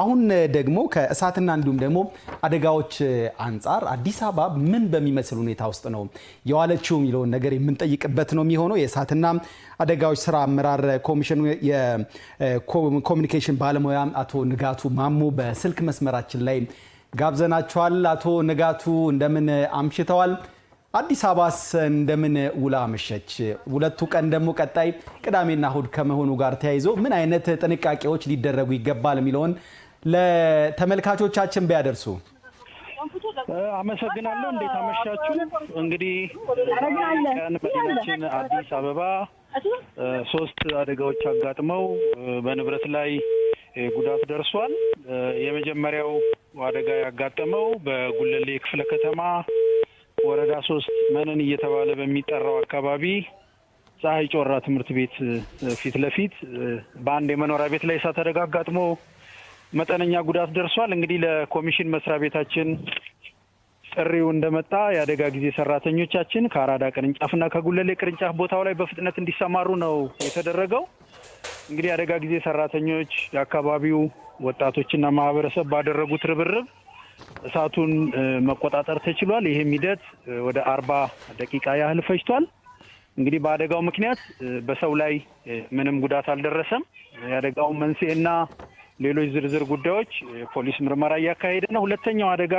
አሁን ደግሞ ከእሳትና እንዲሁም ደግሞ አደጋዎች አንጻር አዲስ አበባ ምን በሚመስል ሁኔታ ውስጥ ነው የዋለችው የሚለውን ነገር የምንጠይቅበት ነው የሚሆነው። የእሳትና አደጋዎች ስራ አመራር ኮሚሽኑ የኮሚኒኬሽን ባለሙያ አቶ ንጋቱ ማሞ በስልክ መስመራችን ላይ ጋብዘናቸዋል። አቶ ንጋቱ እንደምን አምሽተዋል? አዲስ አበባስ እንደምን ውላ መሸች ሁለቱ ቀን ደግሞ ቀጣይ ቅዳሜና እሁድ ከመሆኑ ጋር ተያይዞ ምን አይነት ጥንቃቄዎች ሊደረጉ ይገባል የሚለውን ለተመልካቾቻችን ቢያደርሱ። አመሰግናለሁ። እንዴት አመሻችሁ? እንግዲህ ቀን መዲናችን አዲስ አበባ ሶስት አደጋዎች አጋጥመው በንብረት ላይ ጉዳት ደርሷል። የመጀመሪያው አደጋ ያጋጠመው በጉለሌ ክፍለ ከተማ ወረዳ ሶስት መነን እየተባለ በሚጠራው አካባቢ ፀሐይ ጮራ ትምህርት ቤት ፊት ለፊት በአንድ የመኖሪያ ቤት ላይ እሳት አደጋ አጋጥሞ መጠነኛ ጉዳት ደርሷል። እንግዲህ ለኮሚሽን መስሪያ ቤታችን ጥሪው እንደመጣ የአደጋ ጊዜ ሰራተኞቻችን ከአራዳ ቅርንጫፍና ከጉለሌ ቅርንጫፍ ቦታው ላይ በፍጥነት እንዲሰማሩ ነው የተደረገው። እንግዲህ የአደጋ ጊዜ ሰራተኞች የአካባቢው ወጣቶችና ማህበረሰብ ባደረጉት ርብርብ እሳቱን መቆጣጠር ተችሏል። ይህም ሂደት ወደ አርባ ደቂቃ ያህል ፈጅቷል። እንግዲህ በአደጋው ምክንያት በሰው ላይ ምንም ጉዳት አልደረሰም። የአደጋው መንስኤና ሌሎች ዝርዝር ጉዳዮች የፖሊስ ምርመራ እያካሄደ ነው። ሁለተኛው አደጋ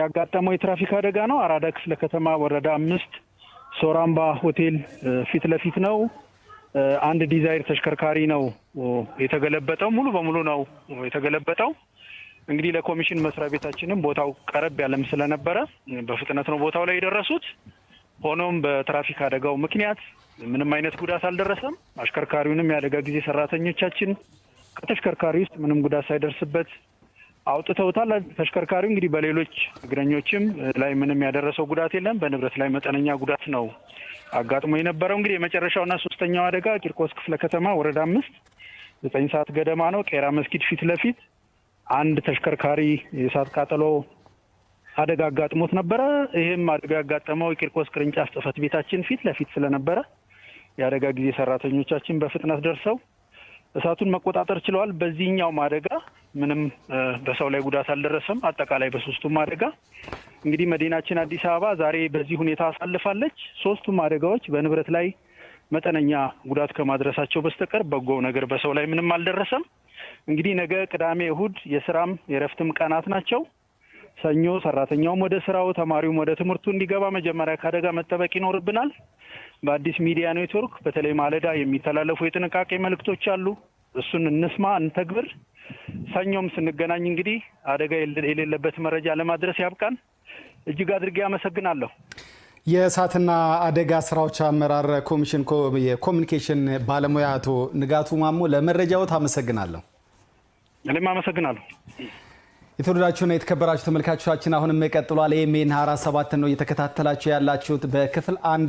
ያጋጠመው የትራፊክ አደጋ ነው። አራዳ ክፍለ ከተማ ወረዳ አምስት ሶራምባ ሆቴል ፊት ለፊት ነው። አንድ ዲዛይር ተሽከርካሪ ነው የተገለበጠው። ሙሉ በሙሉ ነው የተገለበጠው። እንግዲህ ለኮሚሽን መስሪያ ቤታችንም ቦታው ቀረብ ያለም ስለነበረ በፍጥነት ነው ቦታው ላይ የደረሱት። ሆኖም በትራፊክ አደጋው ምክንያት ምንም አይነት ጉዳት አልደረሰም። አሽከርካሪውንም የአደጋ ጊዜ ሰራተኞቻችን ከተሽከርካሪ ውስጥ ምንም ጉዳት ሳይደርስበት አውጥተውታል። ተሽከርካሪ እንግዲህ በሌሎች እግረኞችም ላይ ምንም ያደረሰው ጉዳት የለም። በንብረት ላይ መጠነኛ ጉዳት ነው አጋጥሞ የነበረው። እንግዲህ የመጨረሻውና ሶስተኛው አደጋ ቂርቆስ ክፍለ ከተማ ወረዳ አምስት ዘጠኝ ሰዓት ገደማ ነው። ቄራ መስጊድ ፊት ለፊት አንድ ተሽከርካሪ የእሳት ቃጠሎ አደጋ አጋጥሞት ነበረ። ይህም አደጋ ያጋጠመው የቂርቆስ ቅርንጫፍ ጽህፈት ቤታችን ፊት ለፊት ስለነበረ የአደጋ ጊዜ ሰራተኞቻችን በፍጥነት ደርሰው እሳቱን መቆጣጠር ችለዋል። በዚህኛውም አደጋ ምንም በሰው ላይ ጉዳት አልደረሰም። አጠቃላይ በሶስቱም አደጋ እንግዲህ መዲናችን አዲስ አበባ ዛሬ በዚህ ሁኔታ አሳልፋለች። ሶስቱም አደጋዎች በንብረት ላይ መጠነኛ ጉዳት ከማድረሳቸው በስተቀር በጎው ነገር በሰው ላይ ምንም አልደረሰም። እንግዲህ ነገ ቅዳሜ፣ እሁድ የስራም የእረፍትም ቀናት ናቸው። ሰኞ ሰራተኛውም ወደ ስራው ተማሪውም ወደ ትምህርቱ እንዲገባ መጀመሪያ ከአደጋ መጠበቅ ይኖርብናል። በአዲስ ሚዲያ ኔትወርክ በተለይ ማለዳ የሚተላለፉ የጥንቃቄ መልእክቶች አሉ። እሱን እንስማ፣ እንተግብር። ሰኞም ስንገናኝ እንግዲህ አደጋ የሌለበት መረጃ ለማድረስ ያብቃን። እጅግ አድርጌ አመሰግናለሁ። የእሳትና አደጋ ስራዎች አመራር ኮሚሽን የኮሚኒኬሽን ባለሙያ አቶ ንጋቱ ማሞ ለመረጃዎት አመሰግናለሁ። እኔም አመሰግናለሁ። የተወደዳችሁና የተከበራችሁ ተመልካቾቻችን አሁንም ቀጥሏል። ኤኤምኤን 24 ነው እየተከታተላችሁ ያላችሁት በክፍል አንድ